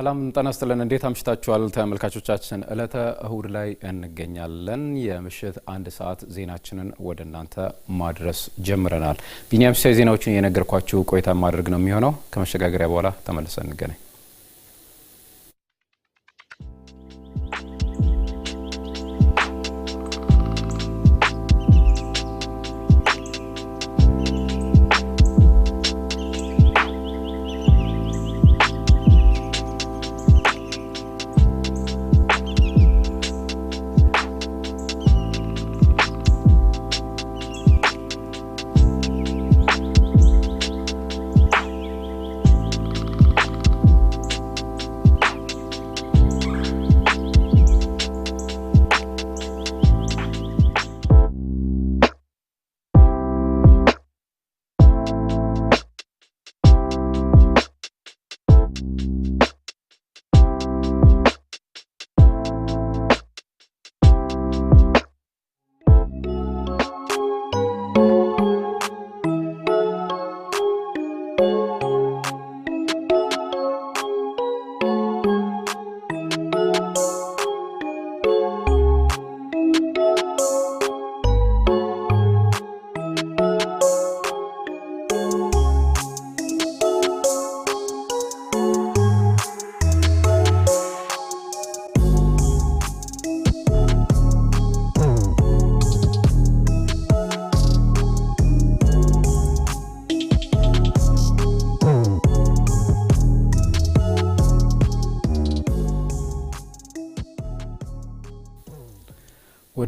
ሰላም ጤና ይስጥልን። እንዴት አምሽታችኋል ተመልካቾቻችን? እለተ እሁድ ላይ እንገኛለን። የምሽት አንድ ሰዓት ዜናችንን ወደ እናንተ ማድረስ ጀምረናል። ቢኒያም ሲሳይ ዜናዎችን እየነገርኳችሁ ቆይታ ማድረግ ነው የሚሆነው። ከመሸጋገሪያ በኋላ ተመልሰን እንገናኝ።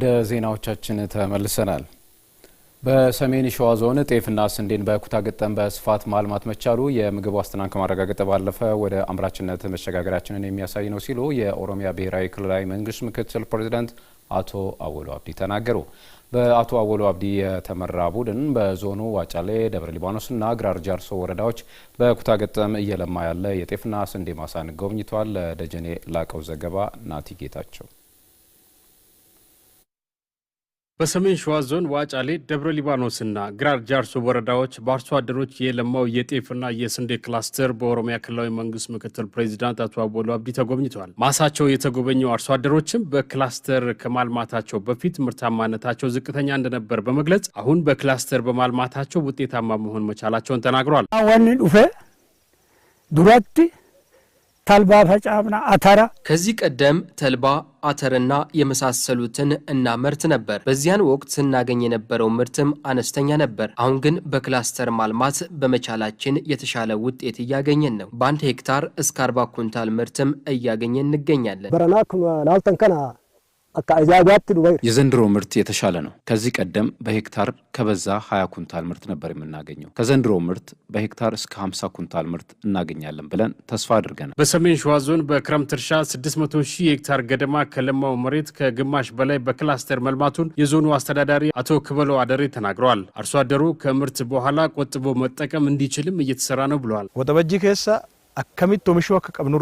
ወደ ዜናዎቻችን ተመልሰናል። በሰሜን ሸዋ ዞን ጤፍና ስንዴን በኩታ ገጠም በስፋት ማልማት መቻሉ የምግብ ዋስትናን ከማረጋገጥ ባለፈ ወደ አምራችነት መሸጋገሪያችንን የሚያሳይ ነው ሲሉ የኦሮሚያ ብሔራዊ ክልላዊ መንግስት ምክትል ፕሬዚዳንት አቶ አወሎ አብዲ ተናገሩ። በአቶ አወሎ አብዲ የተመራ ቡድን በዞኑ ዋጫሌ፣ ደብረ ሊባኖስና ግራር ጃርሶ ወረዳዎች በኩታ ገጠም እየለማ ያለ የጤፍና ስንዴ ማሳን ጎብኝቷል። ለደጀኔ ላቀው ዘገባ ናቲ ጌታቸው በሰሜን ሸዋ ዞን ዋጫሌ ደብረ ሊባኖስና ግራር ጃርሶ ወረዳዎች በአርሶ አደሮች የለማው የጤፍና የስንዴ ክላስተር በኦሮሚያ ክልላዊ መንግስት ምክትል ፕሬዚዳንት አቶ አቦሎ አብዲ ተጎብኝተዋል። ማሳቸው የተጎበኙ አርሶ አደሮችም በክላስተር ከማልማታቸው በፊት ምርታማነታቸው ዝቅተኛ እንደነበር በመግለጽ አሁን በክላስተር በማልማታቸው ውጤታማ መሆን መቻላቸውን ተናግሯል። ዋን ዱፌ ዱራት ተልባ ፈጫምና አተራ ከዚህ ቀደም ተልባ አተርና የመሳሰሉትን እናመርት ነበር። በዚያን ወቅት ስናገኝ የነበረው ምርትም አነስተኛ ነበር። አሁን ግን በክላስተር ማልማት በመቻላችን የተሻለ ውጤት እያገኘን ነው። በአንድ ሄክታር እስከ አርባ ኩንታል ምርትም እያገኘን እንገኛለን። የዘንድሮ ምርት የተሻለ ነው። ከዚህ ቀደም በሄክታር ከበዛ 20 ኩንታል ምርት ነበር የምናገኘው። ከዘንድሮ ምርት በሄክታር እስከ 50 ኩንታል ምርት እናገኛለን ብለን ተስፋ አድርገናል። በሰሜን ሸዋ ዞን በክረምት እርሻ 600 ሺህ ሄክታር ገደማ ከለማው መሬት ከግማሽ በላይ በክላስተር መልማቱን የዞኑ አስተዳዳሪ አቶ ክበለው አደሬ ተናግረዋል። አርሶ አደሩ ከምርት በኋላ ቆጥቦ መጠቀም እንዲችልም እየተሰራ ነው ብለዋል። ወጠበጂ ከሳ አከሚት oomishuu akka qabnu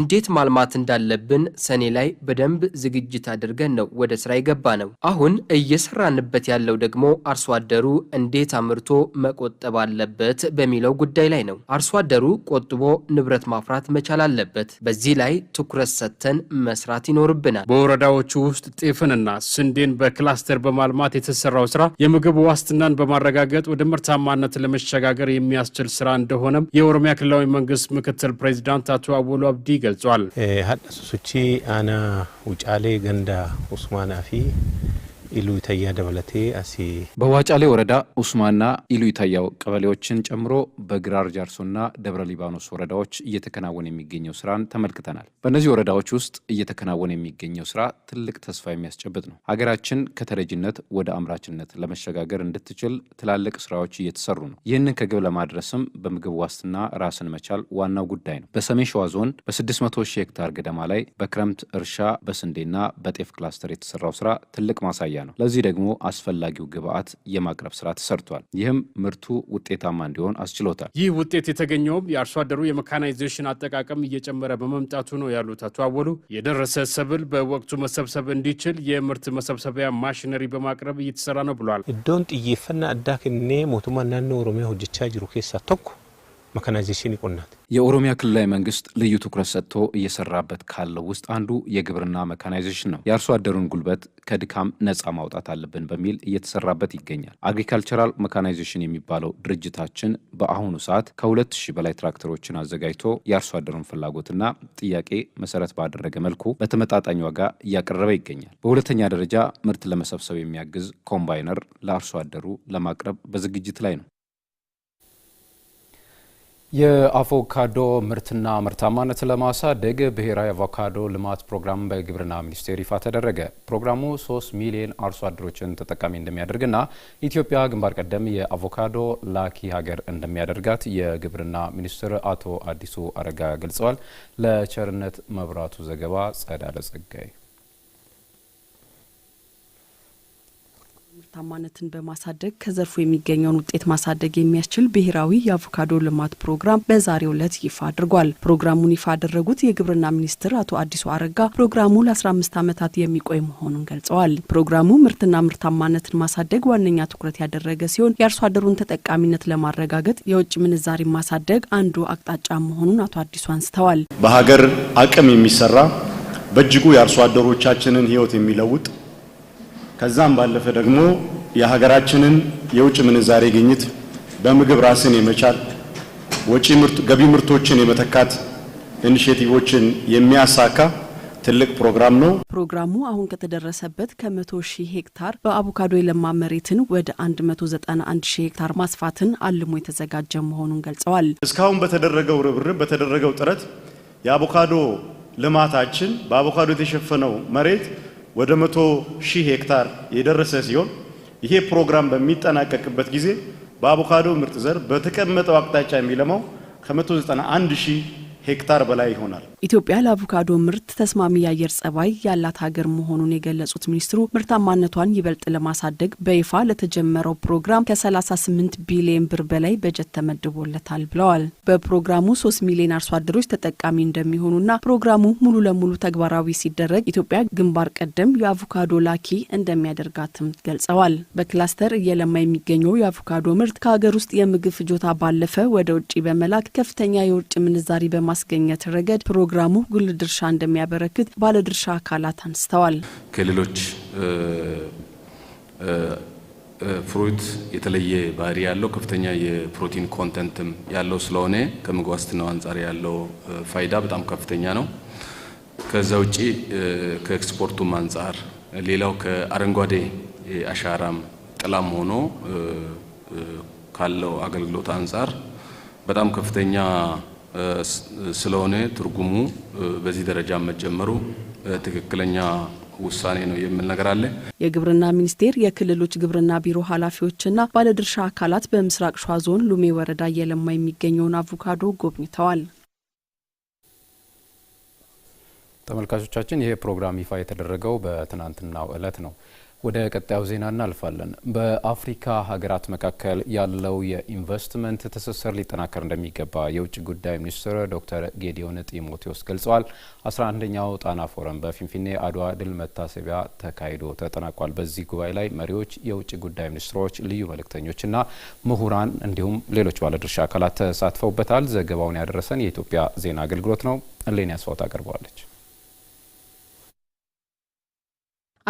እንዴት ማልማት እንዳለብን ሰኔ ላይ በደንብ ዝግጅት አድርገን ነው ወደ ስራ የገባ ነው። አሁን እየሰራንበት ያለው ደግሞ አርሶ አደሩ እንዴት አምርቶ መቆጠብ አለበት በሚለው ጉዳይ ላይ ነው። አርሶ አደሩ ቆጥቦ ንብረት ማፍራት መቻል አለበት። በዚህ ላይ ትኩረት ሰጥተን መስራት ይኖርብናል። በወረዳዎቹ ውስጥ ጤፍንና ስንዴን በክላስተር በማልማት የተሰራው ስራ የምግብ ዋስትናን በማረጋገጥ ወደ ምርታማነት ለመሸጋገር የሚያስችል ስራ እንደሆነም የኦሮሚያ ክልላዊ መንግስት ምክትል ፕሬዚዳንት አቶ አወሉ አብዲ ገልጿል። ሱቺ አና ውጫሌ ገንዳ ኡስማና ፊ ኢሉ ኢታያ ደበለቴ አሲ በዋጫሌ ወረዳ ኡስማና ኢሉ ኢታያው ቀበሌዎችን ጨምሮ በግራር ጃርሶና ደብረ ሊባኖስ ወረዳዎች እየተከናወነ የሚገኘው ስራን ተመልክተናል። በእነዚህ ወረዳዎች ውስጥ እየተከናወነ የሚገኘው ስራ ትልቅ ተስፋ የሚያስጨብጥ ነው። ሀገራችን ከተረጅነት ወደ አምራችነት ለመሸጋገር እንድትችል ትላልቅ ስራዎች እየተሰሩ ነው። ይህንን ከግብ ለማድረስም በምግብ ዋስትና ራስን መቻል ዋናው ጉዳይ ነው። በሰሜን ሸዋ ዞን በ600 ሺህ ሄክታር ገደማ ላይ በክረምት እርሻ በስንዴና በጤፍ ክላስተር የተሰራው ስራ ትልቅ ማሳያ ነው። ነው። ለዚህ ደግሞ አስፈላጊው ግብአት የማቅረብ ስራ ተሰርቷል። ይህም ምርቱ ውጤታማ እንዲሆን አስችሎታል። ይህ ውጤት የተገኘውም የአርሶ አደሩ የመካናይዜሽን አጠቃቀም እየጨመረ በመምጣቱ ነው ያሉት አቶ አወሉ የደረሰ ሰብል በወቅቱ መሰብሰብ እንዲችል የምርት መሰብሰቢያ ማሽነሪ በማቅረብ እየተሰራ ነው ብሏል። ዶን ጥየፈና አዳክኔ ሞቱማ ናነ ኦሮሚያ ሆጀቻ ጅሩ ኬሳ ቶኮ መካናይዜሽን ይቆናል። የኦሮሚያ ክልላዊ መንግስት ልዩ ትኩረት ሰጥቶ እየሰራበት ካለው ውስጥ አንዱ የግብርና መካናይዜሽን ነው። የአርሶ አደሩን ጉልበት ከድካም ነፃ ማውጣት አለብን በሚል እየተሰራበት ይገኛል። አግሪካልቸራል መካናይዜሽን የሚባለው ድርጅታችን በአሁኑ ሰዓት ከሁለት ሺህ በላይ ትራክተሮችን አዘጋጅቶ የአርሶ አደሩን ፍላጎትና ጥያቄ መሰረት ባደረገ መልኩ በተመጣጣኝ ዋጋ እያቀረበ ይገኛል። በሁለተኛ ደረጃ ምርት ለመሰብሰብ የሚያግዝ ኮምባይነር ለአርሶ አደሩ ለማቅረብ በዝግጅት ላይ ነው። የአቮካዶ ምርትና ምርታማነት ለማሳደግ ብሔራዊ አቮካዶ ልማት ፕሮግራም በግብርና ሚኒስቴር ይፋ ተደረገ። ፕሮግራሙ 3 ሚሊዮን አርሶ አደሮችን ተጠቃሚ እንደሚያደርግና ኢትዮጵያ ግንባር ቀደም የአቮካዶ ላኪ ሀገር እንደሚያደርጋት የግብርና ሚኒስትር አቶ አዲሱ አረጋ ገልጸዋል። ለቸርነት መብራቱ ዘገባ ጸዳለ ምርታማነትን በማሳደግ ከዘርፉ የሚገኘውን ውጤት ማሳደግ የሚያስችል ብሔራዊ የአቮካዶ ልማት ፕሮግራም በዛሬው ዕለት ይፋ አድርጓል። ፕሮግራሙን ይፋ ያደረጉት የግብርና ሚኒስትር አቶ አዲሱ አረጋ ፕሮግራሙ ለ15 ዓመታት የሚቆይ መሆኑን ገልጸዋል። ፕሮግራሙ ምርትና ምርታማነትን ማሳደግ ዋነኛ ትኩረት ያደረገ ሲሆን የአርሶ አደሩን ተጠቃሚነት ለማረጋገጥ የውጭ ምንዛሪ ማሳደግ አንዱ አቅጣጫ መሆኑን አቶ አዲሱ አንስተዋል። በሀገር አቅም የሚሰራ በእጅጉ የአርሶ አደሮቻችንን ሕይወት የሚለውጥ ከዛም ባለፈ ደግሞ የሀገራችንን የውጭ ምንዛሬ ግኝት በምግብ ራስን የመቻል ወጪ ገቢ ምርቶችን የመተካት ኢኒሼቲቮችን የሚያሳካ ትልቅ ፕሮግራም ነው። ፕሮግራሙ አሁን ከተደረሰበት ከመቶ ሺህ ሄክታር በአቮካዶ የለማ መሬትን ወደ 191 ሺህ ሄክታር ማስፋትን አልሞ የተዘጋጀ መሆኑን ገልጸዋል። እስካሁን በተደረገው ርብርብ፣ በተደረገው ጥረት የአቮካዶ ልማታችን በአቮካዶ የተሸፈነው መሬት ወደ መቶ ሺህ ሄክታር የደረሰ ሲሆን ይሄ ፕሮግራም በሚጠናቀቅበት ጊዜ በአቮካዶ ምርጥ ዘር በተቀመጠው አቅጣጫ የሚለማው ከ191 ሺህ ሄክታር በላይ ይሆናል። ኢትዮጵያ ለአቮካዶ ምርት ተስማሚ የአየር ጸባይ ያላት ሀገር መሆኑን የገለጹት ሚኒስትሩ ምርታማነቷን ይበልጥ ለማሳደግ በይፋ ለተጀመረው ፕሮግራም ከ38 ቢሊዮን ብር በላይ በጀት ተመድቦለታል ብለዋል። በፕሮግራሙ 3 ሚሊዮን አርሶ አደሮች ተጠቃሚ እንደሚሆኑና ፕሮግራሙ ሙሉ ለሙሉ ተግባራዊ ሲደረግ ኢትዮጵያ ግንባር ቀደም የአቮካዶ ላኪ እንደሚያደርጋትም ገልጸዋል። በክላስተር እየለማ የሚገኘው የአቮካዶ ምርት ከሀገር ውስጥ የምግብ ፍጆታ ባለፈ ወደ ውጭ በመላክ ከፍተኛ የውጭ ምንዛሪ በማስገኘት ረገድ ፕሮግራም ፕሮግራሙ ጉል ድርሻ እንደሚያበረክት ባለድርሻ አካላት አንስተዋል። ከሌሎች ፍሩት የተለየ ባህሪ ያለው ከፍተኛ የፕሮቲን ኮንተንትም ያለው ስለሆነ ከምግብ ዋስትናው አንጻር ያለው ፋይዳ በጣም ከፍተኛ ነው። ከዛ ውጪ ከኤክስፖርቱም አንጻር ሌላው ከአረንጓዴ አሻራም ጥላም ሆኖ ካለው አገልግሎት አንጻር በጣም ከፍተኛ ስለሆነ ትርጉሙ በዚህ ደረጃ መጀመሩ ትክክለኛ ውሳኔ ነው የሚል ነገር አለ። የግብርና ሚኒስቴር የክልሎች ግብርና ቢሮ ኃላፊዎችና ባለድርሻ አካላት በምስራቅ ሸዋ ዞን ሉሜ ወረዳ እየለማ የሚገኘውን አቮካዶ ጎብኝተዋል። ተመልካቾቻችን ይህ ፕሮግራም ይፋ የተደረገው በትናንትናው ዕለት ነው። ወደ ቀጣዩ ዜና እናልፋለን። በአፍሪካ ሀገራት መካከል ያለው የኢንቨስትመንት ትስስር ሊጠናከር እንደሚገባ የውጭ ጉዳይ ሚኒስትር ዶክተር ጌዲዮን ጢሞቴዎስ ገልጸዋል። አስራ አንደኛው ጣና ፎረም በፊንፊኔ አድዋ ድል መታሰቢያ ተካሂዶ ተጠናቋል። በዚህ ጉባኤ ላይ መሪዎች፣ የውጭ ጉዳይ ሚኒስትሮች፣ ልዩ መልእክተኞችና ምሁራን እንዲሁም ሌሎች ባለድርሻ አካላት ተሳትፈውበታል። ዘገባውን ያደረሰን የኢትዮጵያ ዜና አገልግሎት ነው። እሌን ያስፋው አቀርበዋለች።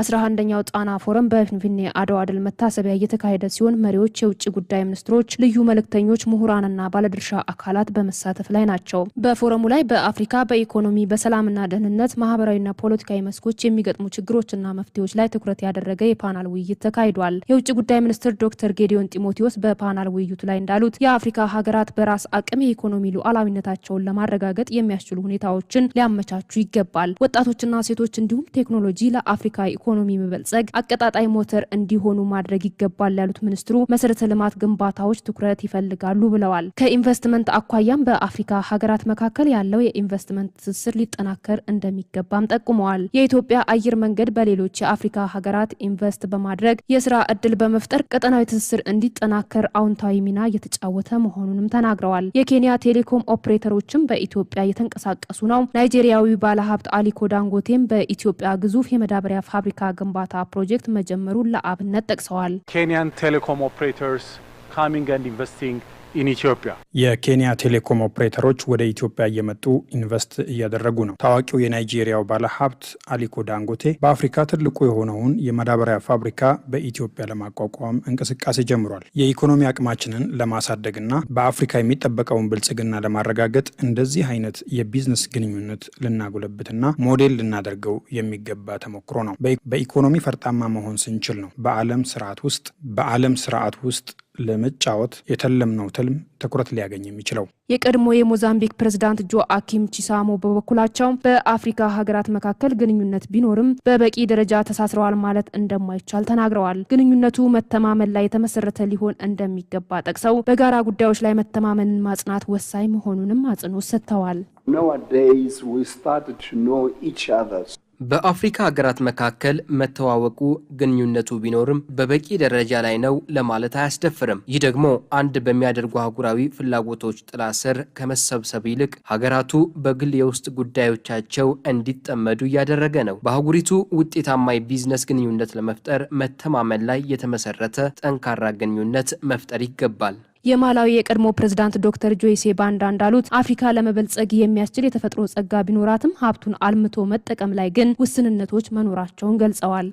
አስራ አንደኛው ጣና ፎረም በፊንፊኔ አድዋ ድል መታሰቢያ እየተካሄደ ሲሆን መሪዎች፣ የውጭ ጉዳይ ሚኒስትሮች፣ ልዩ መልእክተኞች፣ ምሁራንና ባለድርሻ አካላት በመሳተፍ ላይ ናቸው። በፎረሙ ላይ በአፍሪካ በኢኮኖሚ በሰላምና ደህንነት፣ ማህበራዊና ፖለቲካዊ መስኮች የሚገጥሙ ችግሮችና መፍትሄዎች ላይ ትኩረት ያደረገ የፓናል ውይይት ተካሂዷል። የውጭ ጉዳይ ሚኒስትር ዶክተር ጌዲዮን ጢሞቴዎስ በፓናል ውይይቱ ላይ እንዳሉት የአፍሪካ ሀገራት በራስ አቅም የኢኮኖሚ ሉዓላዊነታቸውን ለማረጋገጥ የሚያስችሉ ሁኔታዎችን ሊያመቻቹ ይገባል። ወጣቶችና ሴቶች እንዲሁም ቴክኖሎጂ ለአፍሪካ በኢኮኖሚ መበልጸግ አቀጣጣይ ሞተር እንዲሆኑ ማድረግ ይገባል ያሉት ሚኒስትሩ መሰረተ ልማት ግንባታዎች ትኩረት ይፈልጋሉ ብለዋል። ከኢንቨስትመንት አኳያም በአፍሪካ ሀገራት መካከል ያለው የኢንቨስትመንት ትስስር ሊጠናከር እንደሚገባም ጠቁመዋል። የኢትዮጵያ አየር መንገድ በሌሎች የአፍሪካ ሀገራት ኢንቨስት በማድረግ የስራ እድል በመፍጠር ቀጠናዊ ትስስር እንዲጠናከር አውንታዊ ሚና እየተጫወተ መሆኑንም ተናግረዋል። የኬንያ ቴሌኮም ኦፕሬተሮችም በኢትዮጵያ እየተንቀሳቀሱ ነው። ናይጄሪያዊ ባለሀብት አሊኮ ዳንጎቴም በኢትዮጵያ ግዙፍ የመዳበሪያ ፋብሪካ የፋብሪካ ግንባታ ፕሮጀክት መጀመሩን ለአብነት ጠቅሰዋል። ኬንያን ቴሌኮም ኦፕሬተርስ coming and investing የኬንያ ቴሌኮም ኦፕሬተሮች ወደ ኢትዮጵያ እየመጡ ኢንቨስት እያደረጉ ነው። ታዋቂው የናይጄሪያው ባለሀብት አሊኮ ዳንጎቴ በአፍሪካ ትልቁ የሆነውን የማዳበሪያ ፋብሪካ በኢትዮጵያ ለማቋቋም እንቅስቃሴ ጀምሯል። የኢኮኖሚ አቅማችንን ለማሳደግና በአፍሪካ የሚጠበቀውን ብልጽግና ለማረጋገጥ እንደዚህ አይነት የቢዝነስ ግንኙነት ልናጎለብትና ሞዴል ልናደርገው የሚገባ ተሞክሮ ነው። በኢኮኖሚ ፈርጣማ መሆን ስንችል ነው በዓለም ስርዓት ውስጥ በዓለም ስርዓት ውስጥ ለመጫወት የተለምነው ትልም ትኩረት ሊያገኝ የሚችለው። የቀድሞ የሞዛምቢክ ፕሬዝዳንት ጆአኪም ቺሳሞ በበኩላቸው በአፍሪካ ሀገራት መካከል ግንኙነት ቢኖርም በበቂ ደረጃ ተሳስረዋል ማለት እንደማይቻል ተናግረዋል። ግንኙነቱ መተማመን ላይ የተመሰረተ ሊሆን እንደሚገባ ጠቅሰው በጋራ ጉዳዮች ላይ መተማመንን ማጽናት ወሳኝ መሆኑንም አጽንኦት ሰጥተዋል። በአፍሪካ ሀገራት መካከል መተዋወቁ ግንኙነቱ ቢኖርም በበቂ ደረጃ ላይ ነው ለማለት አያስደፍርም። ይህ ደግሞ አንድ በሚያደርጉ አህጉራዊ ፍላጎቶች ጥላ ስር ከመሰብሰብ ይልቅ ሀገራቱ በግል የውስጥ ጉዳዮቻቸው እንዲጠመዱ እያደረገ ነው። በአህጉሪቱ ውጤታማ የቢዝነስ ግንኙነት ለመፍጠር መተማመን ላይ የተመሰረተ ጠንካራ ግንኙነት መፍጠር ይገባል። የማላዊ የቀድሞ ፕሬዝዳንት ዶክተር ጆይሴ ባንዳ እንዳሉት አፍሪካ ለመበልጸግ የሚያስችል የተፈጥሮ ጸጋ ቢኖራትም ሀብቱን አልምቶ መጠቀም ላይ ግን ውስንነቶች መኖራቸውን ገልጸዋል።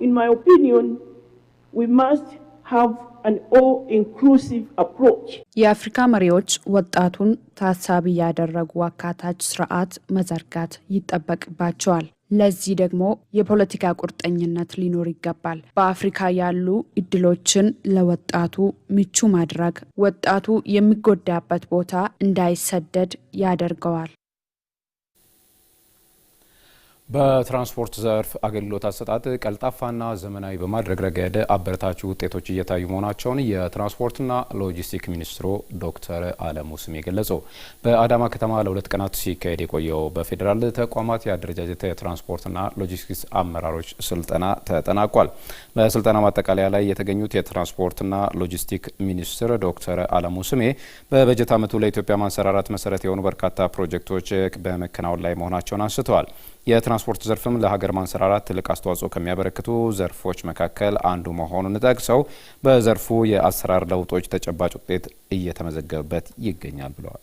የአፍሪካ መሪዎች ወጣቱን ታሳቢ ያደረጉ አካታች ስርዓት መዘርጋት ይጠበቅባቸዋል። ለዚህ ደግሞ የፖለቲካ ቁርጠኝነት ሊኖር ይገባል። በአፍሪካ ያሉ እድሎችን ለወጣቱ ምቹ ማድረግ ወጣቱ የሚጎዳበት ቦታ እንዳይሰደድ ያደርገዋል። በትራንስፖርት ዘርፍ አገልግሎት አሰጣጥ ቀልጣፋና ዘመናዊ በማድረግ ረገድ አበረታች ውጤቶች እየታዩ መሆናቸውን የትራንስፖርትና ሎጂስቲክ ሚኒስትሩ ዶክተር አለሙ ስሜ ገለጹ። በአዳማ ከተማ ለሁለት ቀናት ሲካሄድ የቆየው በፌዴራል ተቋማት የአደረጃጀት የትራንስፖርትና ሎጂስቲክስ አመራሮች ስልጠና ተጠናቋል። በስልጠና ማጠቃለያ ላይ የተገኙት የትራንስፖርትና ሎጂስቲክ ሚኒስትር ዶክተር አለሙ ስሜ በበጀት ዓመቱ ለኢትዮጵያ ማንሰራራት መሰረት የሆኑ በርካታ ፕሮጀክቶች በመከናወን ላይ መሆናቸውን አንስተዋል። የትራንስፖርት ዘርፍም ለሀገር ማንሰራራት ትልቅ አስተዋጽኦ ከሚያበረክቱ ዘርፎች መካከል አንዱ መሆኑን ጠቅሰው በዘርፉ የአሰራር ለውጦች ተጨባጭ ውጤት እየተመዘገበበት ይገኛል ብለዋል።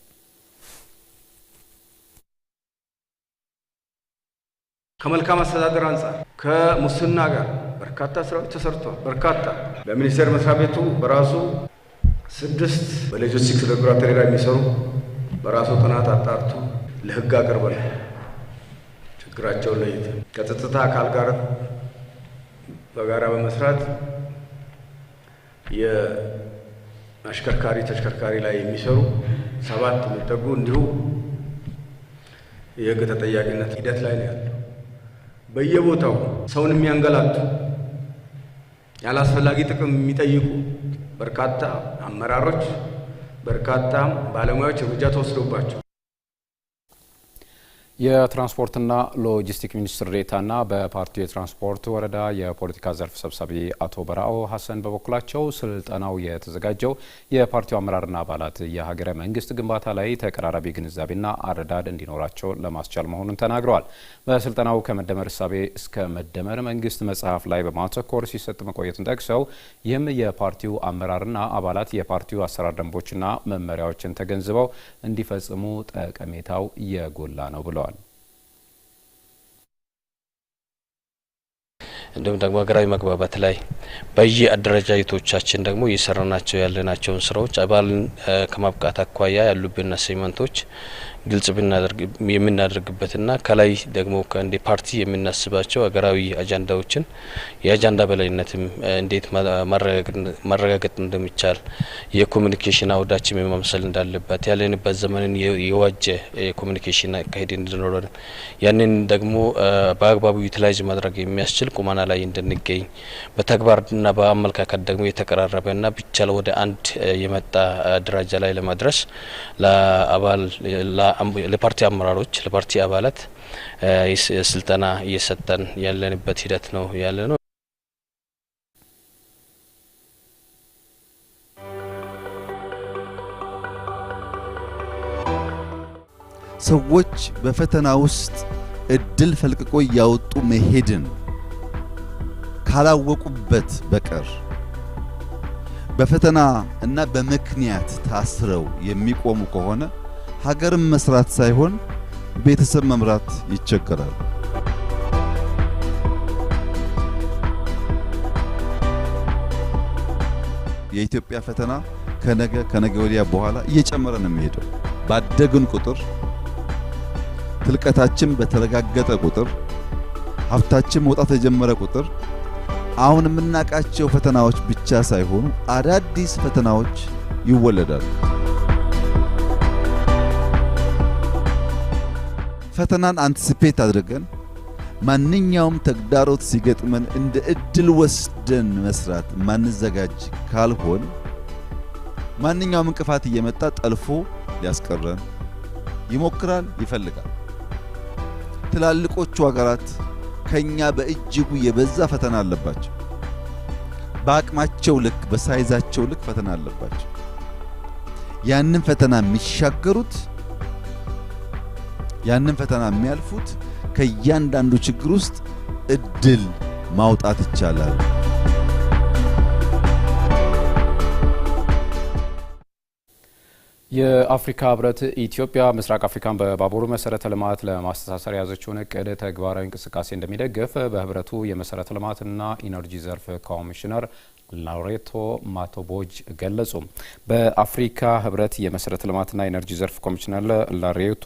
ከመልካም አስተዳደር አንጻር ከሙስና ጋር በርካታ ስራዎች ተሰርተዋል። በርካታ በሚኒስቴር መስሪያ ቤቱ በራሱ ስድስት በሎጂስቲክስ ላቦራቶሪ ላይ የሚሰሩ በራሱ ጥናት አጣርቶ ለህግ አቅርበናል። ችግራቸውን ለይተን ከጸጥታ አካል ጋር በጋራ በመስራት የአሽከርካሪ ተሽከርካሪ ላይ የሚሰሩ ሰባት የሚጠጉ እንዲሁ የህግ ተጠያቂነት ሂደት ላይ ነው ያለው። በየቦታው ሰውን የሚያንገላቱ ያላስፈላጊ ጥቅም የሚጠይቁ በርካታ አመራሮች፣ በርካታ ባለሙያዎች እርምጃ ተወስዶባቸው የትራንስፖርትና ሎጂስቲክ ሚኒስትር ዴኤታና በፓርቲው የትራንስፖርት ወረዳ የፖለቲካ ዘርፍ ሰብሳቢ አቶ በራኦ ሀሰን በበኩላቸው ስልጠናው የተዘጋጀው የፓርቲው አመራርና አባላት የሀገረ መንግስት ግንባታ ላይ ተቀራራቢ ግንዛቤና አረዳድ እንዲኖራቸው ለማስቻል መሆኑን ተናግረዋል። በስልጠናው ከመደመር እሳቤ እስከ መደመር መንግስት መጽሐፍ ላይ በማተኮር ሲሰጥ መቆየቱን ጠቅሰው ይህም የፓርቲው አመራርና አባላት የፓርቲው አሰራር ደንቦችና መመሪያዎችን ተገንዝበው እንዲፈጽሙ ጠቀሜታው የጎላ ነው ብለዋል። እንዲሁም ደግሞ ሀገራዊ መግባባት ላይ በየ አደረጃጀቶቻችን ደግሞ እየሰራናቸው ያለናቸውን ስራዎች አባልን ከማብቃት አኳያ ያሉብን አሳይመንቶች ግልጽ የምናደርግበትና ከላይ ደግሞ ከእንደ ፓርቲ የምናስባቸው ሀገራዊ አጀንዳዎችን የአጀንዳ በላይነትም እንዴት ማረጋገጥ እንደሚቻል የኮሚኒኬሽን አውዳችን የማምሰል እንዳለበት ያለንበት ዘመንን የዋጀ የኮሚኒኬሽን አካሄድ እንድኖረን ያንን ደግሞ በአግባቡ ዩቲላይዝ ማድረግ የሚያስችል ቁመና ላይ እንድንገኝ በተግባርና በአመለካከት ደግሞ የተቀራረበና ብቻ ወደ አንድ የመጣ ደረጃ ላይ ለማድረስ ለአባል ለፓርቲ አመራሮች፣ ለፓርቲ አባላት ስልጠና እየሰጠን ያለንበት ሂደት ነው ያለ ነው። ሰዎች በፈተና ውስጥ እድል ፈልቅቆ እያወጡ መሄድን ካላወቁበት በቀር በፈተና እና በምክንያት ታስረው የሚቆሙ ከሆነ ሀገርን መስራት ሳይሆን ቤተሰብ መምራት ይቸገራል። የኢትዮጵያ ፈተና ከነገ ከነገ ወዲያ በኋላ እየጨመረ ነው የሚሄደው። ባደግን ቁጥር ትልቀታችን በተረጋገጠ ቁጥር ሀብታችን መውጣት የጀመረ ቁጥር አሁን የምናውቃቸው ፈተናዎች ብቻ ሳይሆኑ አዳዲስ ፈተናዎች ይወለዳሉ። ፈተናን አንትስፔት አድርገን ማንኛውም ተግዳሮት ሲገጥመን እንደ እድል ወስደን መስራት ማንዘጋጅ ካልሆን ማንኛውም እንቅፋት እየመጣ ጠልፎ ሊያስቀረን ይሞክራል፣ ይፈልጋል። ትላልቆቹ ሀገራት ከኛ በእጅጉ የበዛ ፈተና አለባቸው። በአቅማቸው ልክ፣ በሳይዛቸው ልክ ፈተና አለባቸው። ያንን ፈተና የሚሻገሩት ያንን ፈተና የሚያልፉት ከእያንዳንዱ ችግር ውስጥ እድል ማውጣት ይቻላል። የአፍሪካ ህብረት ኢትዮጵያ ምስራቅ አፍሪካን በባቡር መሰረተ ልማት ለማስተሳሰር የያዘችውን እቅድ ተግባራዊ እንቅስቃሴ እንደሚደግፍ በህብረቱ የመሰረተ ልማትና ኢነርጂ ዘርፍ ኮሚሽነር ላውሬቶ ማቶቦጅ ገለጹ። በአፍሪካ ህብረት የመሰረተ ልማትና ኢነርጂ ዘርፍ ኮሚሽነር ላሬቶ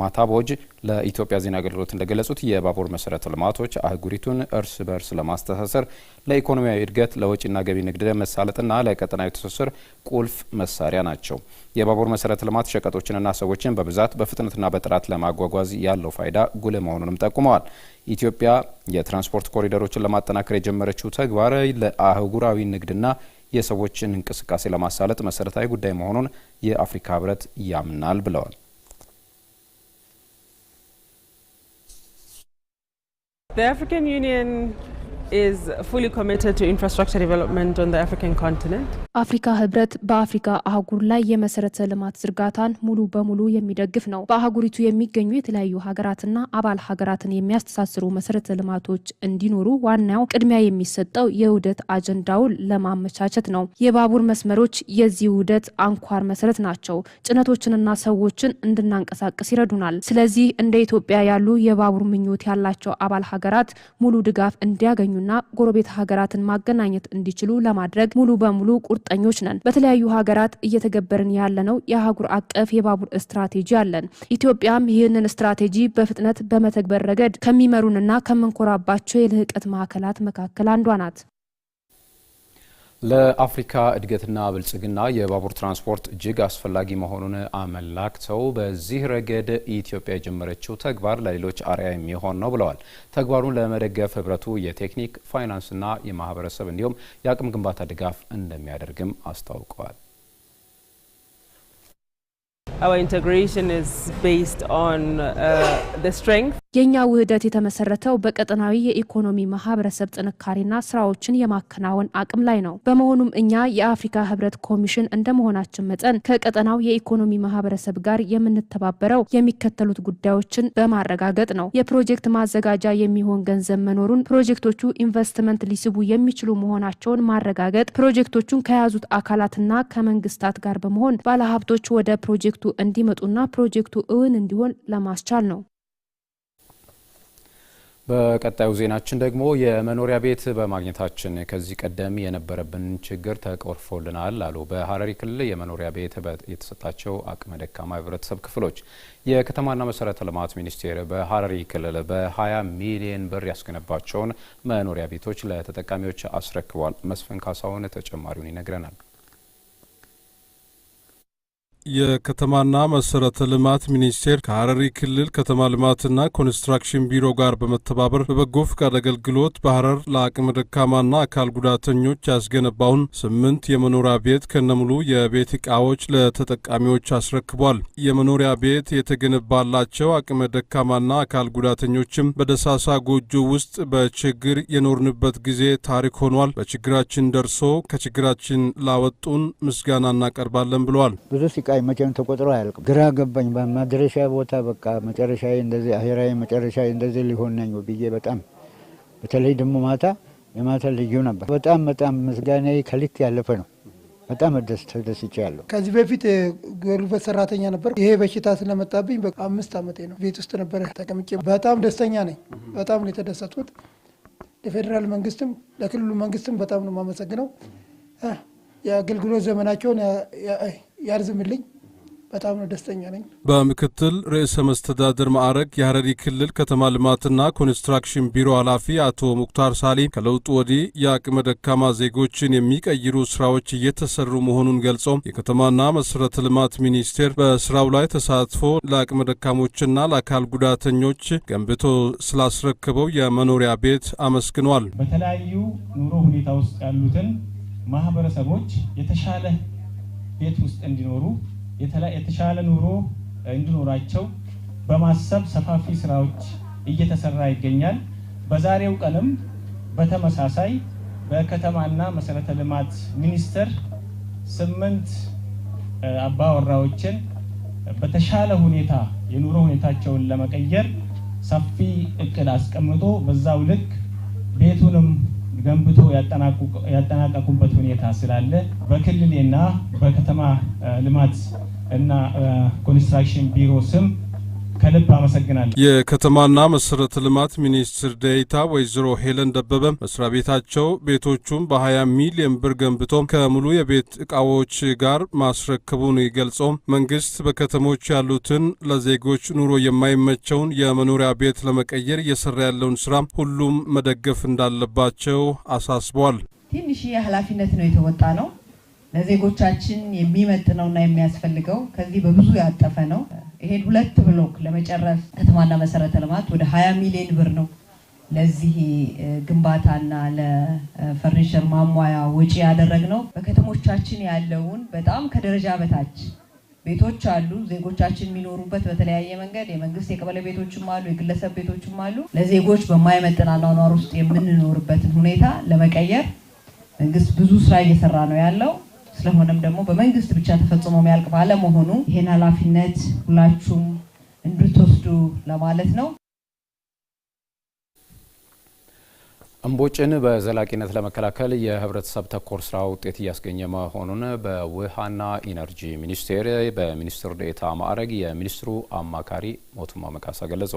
ማታ ቦጅ ለኢትዮጵያ ዜና አገልግሎት እንደገለጹት የባቡር መሰረተ ልማቶች አህጉሪቱን እርስ በርስ ለማስተሳሰር፣ ለኢኮኖሚያዊ እድገት፣ ለወጪና ገቢ ንግድ መሳለጥና ለቀጠናዊ ትስስር ቁልፍ መሳሪያ ናቸው። የባቡር መሰረተ ልማት ሸቀጦችንና ሰዎችን በብዛት በፍጥነትና በጥራት ለማጓጓዝ ያለው ፋይዳ ጉልህ መሆኑንም ጠቁመዋል። ኢትዮጵያ የትራንስፖርት ኮሪደሮችን ለማጠናከር የጀመረችው ተግባር ለአህጉራዊ ንግድና የሰዎችን እንቅስቃሴ ለማሳለጥ መሰረታዊ ጉዳይ መሆኑን የአፍሪካ ህብረት ያምናል ብለዋል። The African Union አፍሪካ ህብረት በአፍሪካ አህጉር ላይ የመሰረተ ልማት ዝርጋታን ሙሉ በሙሉ የሚደግፍ ነው። በአህጉሪቱ የሚገኙ የተለያዩ ሀገራትና አባል ሀገራትን የሚያስተሳስሩ መሰረተ ልማቶች እንዲኖሩ ዋናው ቅድሚያ የሚሰጠው የውህደት አጀንዳውን ለማመቻቸት ነው። የባቡር መስመሮች የዚህ ውህደት አንኳር መሰረት ናቸው። ጭነቶችንና ሰዎችን እንድናንቀሳቀስ ይረዱናል። ስለዚህ እንደ ኢትዮጵያ ያሉ የባቡር ምኞት ያላቸው አባል ሀገራት ሙሉ ድጋፍ እንዲያገኙ እንዲችሉና ጎረቤት ሀገራትን ማገናኘት እንዲችሉ ለማድረግ ሙሉ በሙሉ ቁርጠኞች ነን። በተለያዩ ሀገራት እየተገበርን ያለነው የአህጉር አቀፍ የባቡር ስትራቴጂ አለን። ኢትዮጵያም ይህንን ስትራቴጂ በፍጥነት በመተግበር ረገድ ከሚመሩንና ከምንኮራባቸው የልህቀት ማዕከላት መካከል አንዷ ናት። ለአፍሪካ እድገትና ብልጽግና የባቡር ትራንስፖርት እጅግ አስፈላጊ መሆኑን አመላክተው በዚህ ረገድ ኢትዮጵያ የጀመረችው ተግባር ለሌሎች አርያ የሚሆን ነው ብለዋል። ተግባሩን ለመደገፍ ህብረቱ የቴክኒክ ፋይናንስና የማህበረሰብ እንዲሁም የአቅም ግንባታ ድጋፍ እንደሚያደርግም አስታውቀዋል። Uh, የእኛ ውህደት የተመሰረተው በቀጠናዊ የኢኮኖሚ ማህበረሰብ ጥንካሬና ስራዎችን የማከናወን አቅም ላይ ነው። በመሆኑም እኛ የአፍሪካ ህብረት ኮሚሽን እንደመሆናችን መጠን ከቀጠናው የኢኮኖሚ ማህበረሰብ ጋር የምንተባበረው የሚከተሉት ጉዳዮችን በማረጋገጥ ነው። የፕሮጀክት ማዘጋጃ የሚሆን ገንዘብ መኖሩን፣ ፕሮጀክቶቹ ኢንቨስትመንት ሊስቡ የሚችሉ መሆናቸውን ማረጋገጥ፣ ፕሮጀክቶቹን ከያዙት አካላትና ከመንግስታት ጋር በመሆን ባለሀብቶች ወደ ፕሮጀክቱ እንዲመጡና ፕሮጀክቱ እውን እንዲሆን ለማስቻል ነው። በቀጣዩ ዜናችን ደግሞ የመኖሪያ ቤት በማግኘታችን ከዚህ ቀደም የነበረብን ችግር ተቆርፎልናል አሉ በሀረሪ ክልል የመኖሪያ ቤት የተሰጣቸው አቅመ ደካማ ህብረተሰብ ክፍሎች። የከተማና መሰረተ ልማት ሚኒስቴር በሀረሪ ክልል በ20 ሚሊዮን ብር ያስገነባቸውን መኖሪያ ቤቶች ለተጠቃሚዎች አስረክቧል። መስፍን ካሳሁን ተጨማሪውን ይነግረናል። የከተማና መሰረተ ልማት ሚኒስቴር ከሀረሪ ክልል ከተማ ልማትና ኮንስትራክሽን ቢሮ ጋር በመተባበር በበጎ ፍቃድ አገልግሎት በሐረር ለአቅመ ደካማና አካል ጉዳተኞች ያስገነባውን ስምንት የመኖሪያ ቤት ከነሙሉ የቤት ዕቃዎች ለተጠቃሚዎች አስረክቧል። የመኖሪያ ቤት የተገነባላቸው አቅመ ደካማና አካል ጉዳተኞችም በደሳሳ ጎጆ ውስጥ በችግር የኖርንበት ጊዜ ታሪክ ሆኗል። በችግራችን ደርሶ ከችግራችን ላወጡን ምስጋና እናቀርባለን ብለዋል። ስቃይ መቼም ተቆጥሮ አያልቅም። ግራ ገባኝ። በመድረሻ ቦታ በቃ መጨረሻ እንደዚህ አሄራዊ መጨረሻ እንደዚህ ሊሆን ነኝ ብዬ በጣም በተለይ ደግሞ ማታ የማታ ልዩ ነበር። በጣም በጣም ምስጋና ከልክ ያለፈ ነው። በጣም ተደስቻለሁ። ከዚህ በፊት ጉልበት ሰራተኛ ነበር። ይሄ በሽታ ስለመጣብኝ አምስት ዓመቴ ነው። ቤት ውስጥ ነበረ ተቀምጬ። በጣም ደስተኛ ነኝ። በጣም ነው የተደሰትኩት። ለፌዴራል መንግስትም ለክልሉ መንግስትም በጣም ነው የማመሰግነው የአገልግሎት ዘመናቸውን ያርዝምልኝ። በጣም ነው ደስተኛ ነኝ። በምክትል ርዕሰ መስተዳደር ማዕረግ የሀረሪ ክልል ከተማ ልማትና ኮንስትራክሽን ቢሮ ኃላፊ አቶ ሙክታር ሳሊ ከለውጡ ወዲህ የአቅመ ደካማ ዜጎችን የሚቀይሩ ስራዎች እየተሰሩ መሆኑን ገልጾ የከተማና መሰረተ ልማት ሚኒስቴር በስራው ላይ ተሳትፎ ለአቅመ ደካሞችና ለአካል ጉዳተኞች ገንብቶ ስላስረክበው የመኖሪያ ቤት አመስግኗል። በተለያዩ ኑሮ ሁኔታ ውስጥ ያሉትን ማህበረሰቦች የተሻለ ቤት ውስጥ እንዲኖሩ የተሻለ ኑሮ እንዲኖራቸው በማሰብ ሰፋፊ ስራዎች እየተሰራ ይገኛል። በዛሬው ቀንም በተመሳሳይ በከተማና መሰረተ ልማት ሚኒስቴር ስምንት አባወራዎችን በተሻለ ሁኔታ የኑሮ ሁኔታቸውን ለመቀየር ሰፊ እቅድ አስቀምጦ በዛው ልክ ቤቱንም ገንብቶ ያጠናቀቁበት ሁኔታ ስላለ በክልሌና በከተማ ልማት እና ኮንስትራክሽን ቢሮ ስም ከልብ አመሰግናለሁ። የከተማና መሰረተ ልማት ሚኒስትር ዴኤታ ወይዘሮ ሄለን ደበበ መስሪያ ቤታቸው ቤቶቹን በ20 ሚሊዮን ብር ገንብቶ ከሙሉ የቤት እቃዎች ጋር ማስረከቡን ይገልጾ መንግስት በከተሞች ያሉትን ለዜጎች ኑሮ የማይመቸውን የመኖሪያ ቤት ለመቀየር እየሰራ ያለውን ስራ ሁሉም መደገፍ እንዳለባቸው አሳስቧል። ትንሽ የኃላፊነት ነው የተወጣ ነው ለዜጎቻችን የሚመጥነውና የሚያስፈልገው ከዚህ በብዙ ያጠፈ ነው። ይሄን ሁለት ብሎክ ለመጨረስ ከተማና መሰረተ ልማት ወደ ሀያ ሚሊዮን ብር ነው ለዚህ ግንባታና ለፈርኒቸር ማሟያ ወጪ ያደረግነው። በከተሞቻችን ያለውን በጣም ከደረጃ በታች ቤቶች አሉ። ዜጎቻችን የሚኖሩበት በተለያየ መንገድ የመንግስት የቀበሌ ቤቶችም አሉ፣ የግለሰብ ቤቶችም አሉ። ለዜጎች በማይመጥን አኗኗር ውስጥ የምንኖርበትን ሁኔታ ለመቀየር መንግስት ብዙ ስራ እየሰራ ነው ያለው። ስለሆነም ደግሞ በመንግስት ብቻ ተፈጽሞ የሚያልቅ ባለመሆኑ ይሄን ኃላፊነት ሁላችሁም እንድትወስዱ ለማለት ነው። እምቦጭን በዘላቂነት ለመከላከል የህብረተሰብ ተኮር ስራ ውጤት እያስገኘ መሆኑን በውሃና ኢነርጂ ሚኒስቴር በሚኒስትር ዴታ ማዕረግ የሚኒስትሩ አማካሪ ሞቱማ መቃሳ ገለጹ።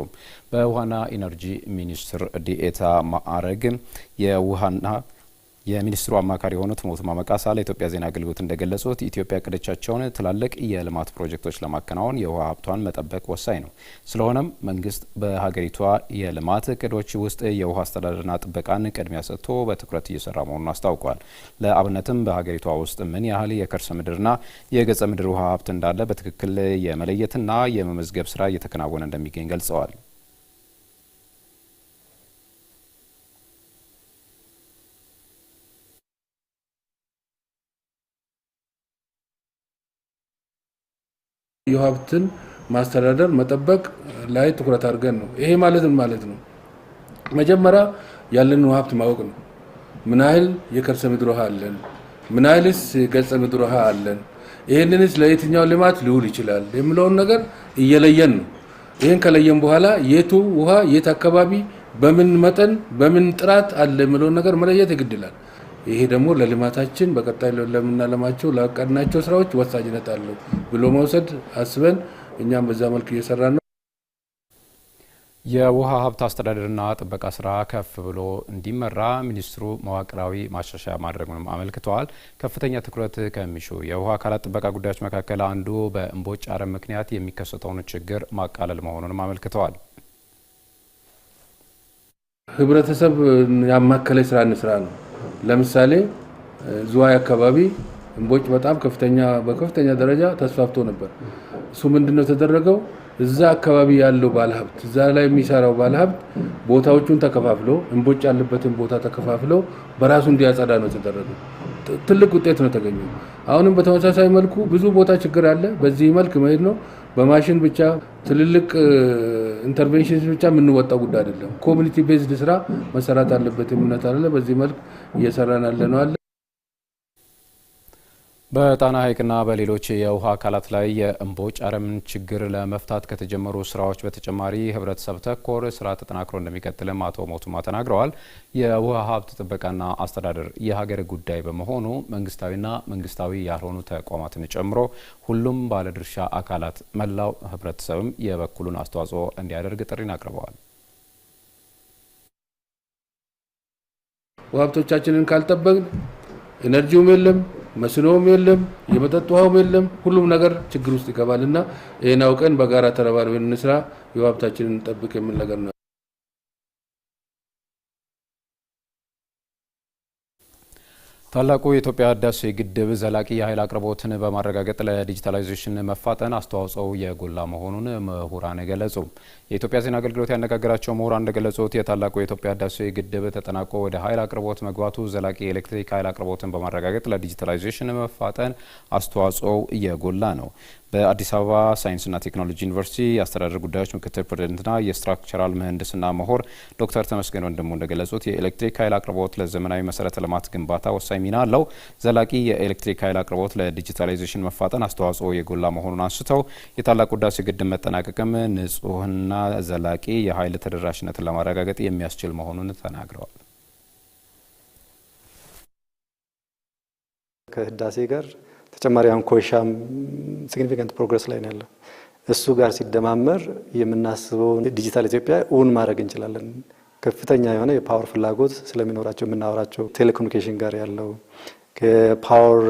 በውሃና ኢነርጂ ሚኒስትር ዴታ ማዕረግ የውሃና የሚኒስትሩ አማካሪ የሆኑት ሞቱማ መቃሳ ለኢትዮጵያ ዜና አገልግሎት እንደገለጹት ኢትዮጵያ ቅደቻቸውን ትላልቅ የልማት ፕሮጀክቶች ለማከናወን የውሃ ሀብቷን መጠበቅ ወሳኝ ነው። ስለሆነም መንግስት በሀገሪቷ የልማት እቅዶች ውስጥ የውሃ አስተዳደርና ጥበቃን ቅድሚያ ሰጥቶ በትኩረት እየሰራ መሆኑን አስታውቋል። ለአብነትም በሀገሪቷ ውስጥ ምን ያህል የከርሰ ምድርና የገጸ ምድር ውሃ ሀብት እንዳለ በትክክል የመለየትና የመመዝገብ ስራ እየተከናወነ እንደሚገኝ ገልጸዋል። የሀብትን ማስተዳደር መጠበቅ ላይ ትኩረት አድርገን ነው። ይሄ ማለት ማለት ነው መጀመሪያ ያለንን ሀብት ማወቅ ነው። ምን ያህል የከርሰ ምድር ውሃ አለን? ምን ያህልስ የገጸ ምድር ውሃ አለን? ይህንንስ ለየትኛው ልማት ሊውል ይችላል የሚለውን ነገር እየለየን ነው። ይህን ከለየን በኋላ የቱ ውሃ የት አካባቢ በምን መጠን በምን ጥራት አለ የሚለውን ነገር መለየት ይግድላል። ይሄ ደግሞ ለልማታችን በቀጣይ ለምናለማቸው ላቀድናቸው ስራዎች ወሳኝነት አለው ብሎ መውሰድ አስበን እኛም በዛ መልክ እየሰራ ነው። የውሃ ሀብት አስተዳደርና ጥበቃ ስራ ከፍ ብሎ እንዲመራ ሚኒስትሩ መዋቅራዊ ማሻሻያ ማድረጉንም አመልክተዋል። ከፍተኛ ትኩረት ከሚሹ የውሃ አካላት ጥበቃ ጉዳዮች መካከል አንዱ በእምቦጭ አረም ምክንያት የሚከሰተውን ችግር ማቃለል መሆኑንም አመልክተዋል። ህብረተሰብ ያማከለ ስራ እንስራ ነው ለምሳሌ ዝዋይ አካባቢ እምቦጭ በጣም ከፍተኛ በከፍተኛ ደረጃ ተስፋፍቶ ነበር። እሱ ምንድን ነው የተደረገው? እዛ አካባቢ ያለው ባለሀብት እዛ ላይ የሚሰራው ባለሀብት ቦታዎቹን ተከፋፍሎ እምቦጭ ያለበትን ቦታ ተከፋፍሎ በራሱ እንዲያጸዳ ነው የተደረገው። ትልቅ ውጤት ነው የተገኘው። አሁንም በተመሳሳይ መልኩ ብዙ ቦታ ችግር አለ። በዚህ መልክ መሄድ ነው። በማሽን ብቻ ትልልቅ ኢንተርቬንሽን ብቻ የምንወጣው ጉዳይ አይደለም። ኮሚኒቲ ቤዝድ ስራ መሰራት አለበት የምነት አለ። በዚህ መልክ እየሰራን ያለ ነው አለ። በጣና ሐይቅና በሌሎች የውሃ አካላት ላይ የእምቦጭ አረም ችግር ለመፍታት ከተጀመሩ ስራዎች በተጨማሪ ህብረተሰብ ተኮር ስራ ተጠናክሮ እንደሚቀጥልም አቶ ሞቱማ ተናግረዋል። የውሃ ሀብት ጥበቃና አስተዳደር የሀገር ጉዳይ በመሆኑ መንግስታዊና መንግስታዊ ያልሆኑ ተቋማትን ጨምሮ ሁሉም ባለድርሻ አካላት፣ መላው ህብረተሰብም የበኩሉን አስተዋጽኦ እንዲያደርግ ጥሪን አቅርበዋል። ሀብቶቻችንን ካልጠበቅን ኤነርጂውም የለም፣ መስኖውም የለም፣ የመጠጥ ውሃውም የለም። ሁሉም ነገር ችግር ውስጥ ይገባልና ይህን አውቀን በጋራ ተረባርበን እንስራ፣ የሀብታችንን እንጠብቅ የሚል ነገር ነው። ታላቁ የኢትዮጵያ ህዳሴ ግድብ ዘላቂ የኃይል አቅርቦትን በማረጋገጥ ለዲጂታላይዜሽን መፋጠን አስተዋጽኦው የጎላ መሆኑን ምሁራን ገለጹ። የኢትዮጵያ ዜና አገልግሎት ያነጋገራቸው ምሁራን እንደገለጹት የታላቁ የኢትዮጵያ ህዳሴ ግድብ ተጠናቆ ወደ ኃይል አቅርቦት መግባቱ ዘላቂ የኤሌክትሪክ ኃይል አቅርቦትን በማረጋገጥ ለዲጂታላይዜሽን መፋጠን አስተዋጽኦው የጎላ ነው። በአዲስ አበባ ሳይንስና ቴክኖሎጂ ዩኒቨርሲቲ የአስተዳደር ጉዳዮች ምክትል ፕሬዚደንትና የስትራክቸራል ምህንድስና ምሁር ዶክተር ተመስገን ወንድሙ እንደገለጹት የኤሌክትሪክ ኃይል አቅርቦት ለዘመናዊ መሰረተ ልማት ግንባታ ወሳኝ ሚና አለው። ዘላቂ የኤሌክትሪክ ኃይል አቅርቦት ለዲጂታላይዜሽን መፋጠን አስተዋጽኦ የጎላ መሆኑን አንስተው የታላቁ ህዳሴ ግድብ መጠናቀቅም ንጹህና ዘላቂ የኃይል ተደራሽነትን ለማረጋገጥ የሚያስችል መሆኑን ተናግረዋል። ከህዳሴ ጋር ተጨማሪ አሁን ኮይሻም ሲግኒፊካንት ፕሮግረስ ላይ ነው ያለው። እሱ ጋር ሲደማመር የምናስበውን ዲጂታል ኢትዮጵያ እውን ማድረግ እንችላለን። ከፍተኛ የሆነ የፓወር ፍላጎት ስለሚኖራቸው የምናወራቸው ቴሌኮሙኒኬሽን ጋር ያለው ከፓወር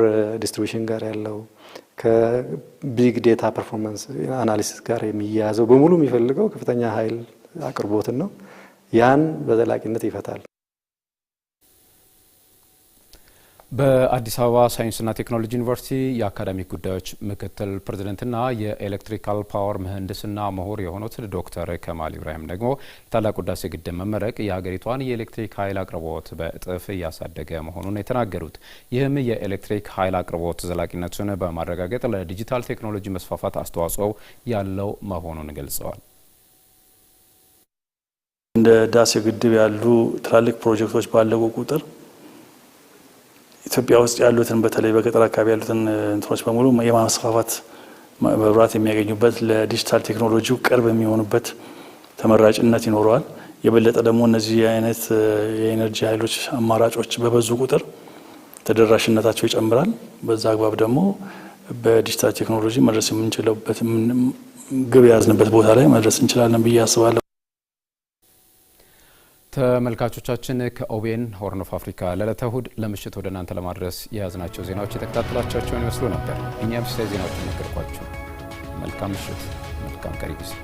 ዲስትሪቢሽን ጋር ያለው ከቢግ ዴታ ፐርፎርማንስ አናሊሲስ ጋር የሚያያዘው በሙሉ የሚፈልገው ከፍተኛ ኃይል አቅርቦትን ነው። ያን በዘላቂነት ይፈታል። በአዲስ አበባ ሳይንስና ቴክኖሎጂ ዩኒቨርሲቲ የአካዳሚክ ጉዳዮች ምክትል ፕሬዝደንትና የኤሌክትሪካል ፓወር ምህንድስና ምሁር የሆኑት ዶክተር ከማል ኢብራሂም ደግሞ የታላቁ ህዳሴ ግድብ መመረቅ የሀገሪቷን የኤሌክትሪክ ኃይል አቅርቦት በእጥፍ እያሳደገ መሆኑን የተናገሩት ይህም የኤሌክትሪክ ኃይል አቅርቦት ዘላቂነቱን በማረጋገጥ ለዲጂታል ቴክኖሎጂ መስፋፋት አስተዋጽኦ ያለው መሆኑን ገልጸዋል። እንደ ህዳሴ ግድብ ያሉ ትላልቅ ፕሮጀክቶች ባለቁ ቁጥር ኢትዮጵያ ውስጥ ያሉትን በተለይ በገጠር አካባቢ ያሉትን እንትኖች በሙሉ የማስፋፋት መብራት የሚያገኙበት ለዲጂታል ቴክኖሎጂ ቅርብ የሚሆኑበት ተመራጭነት ይኖረዋል። የበለጠ ደግሞ እነዚህ አይነት የኤነርጂ ኃይሎች አማራጮች በበዙ ቁጥር ተደራሽነታቸው ይጨምራል። በዛ አግባብ ደግሞ በዲጂታል ቴክኖሎጂ መድረስ የምንችለበት ግብ የያዝንበት ቦታ ላይ መድረስ እንችላለን ብዬ አስባለሁ። ተመልካቾቻችን ከኦቤን ሆርን ኦፍ አፍሪካ ለዕለተ እሁድ ለምሽት ወደ እናንተ ለማድረስ የያዝናቸው ዜናዎች የተከታተላቻቸውን ይመስሉ ነበር። እኛም ሲሳይ ዜናዎችን ነገርኳችሁ። መልካም ምሽት፣ መልካም ቀሪ ጊዜ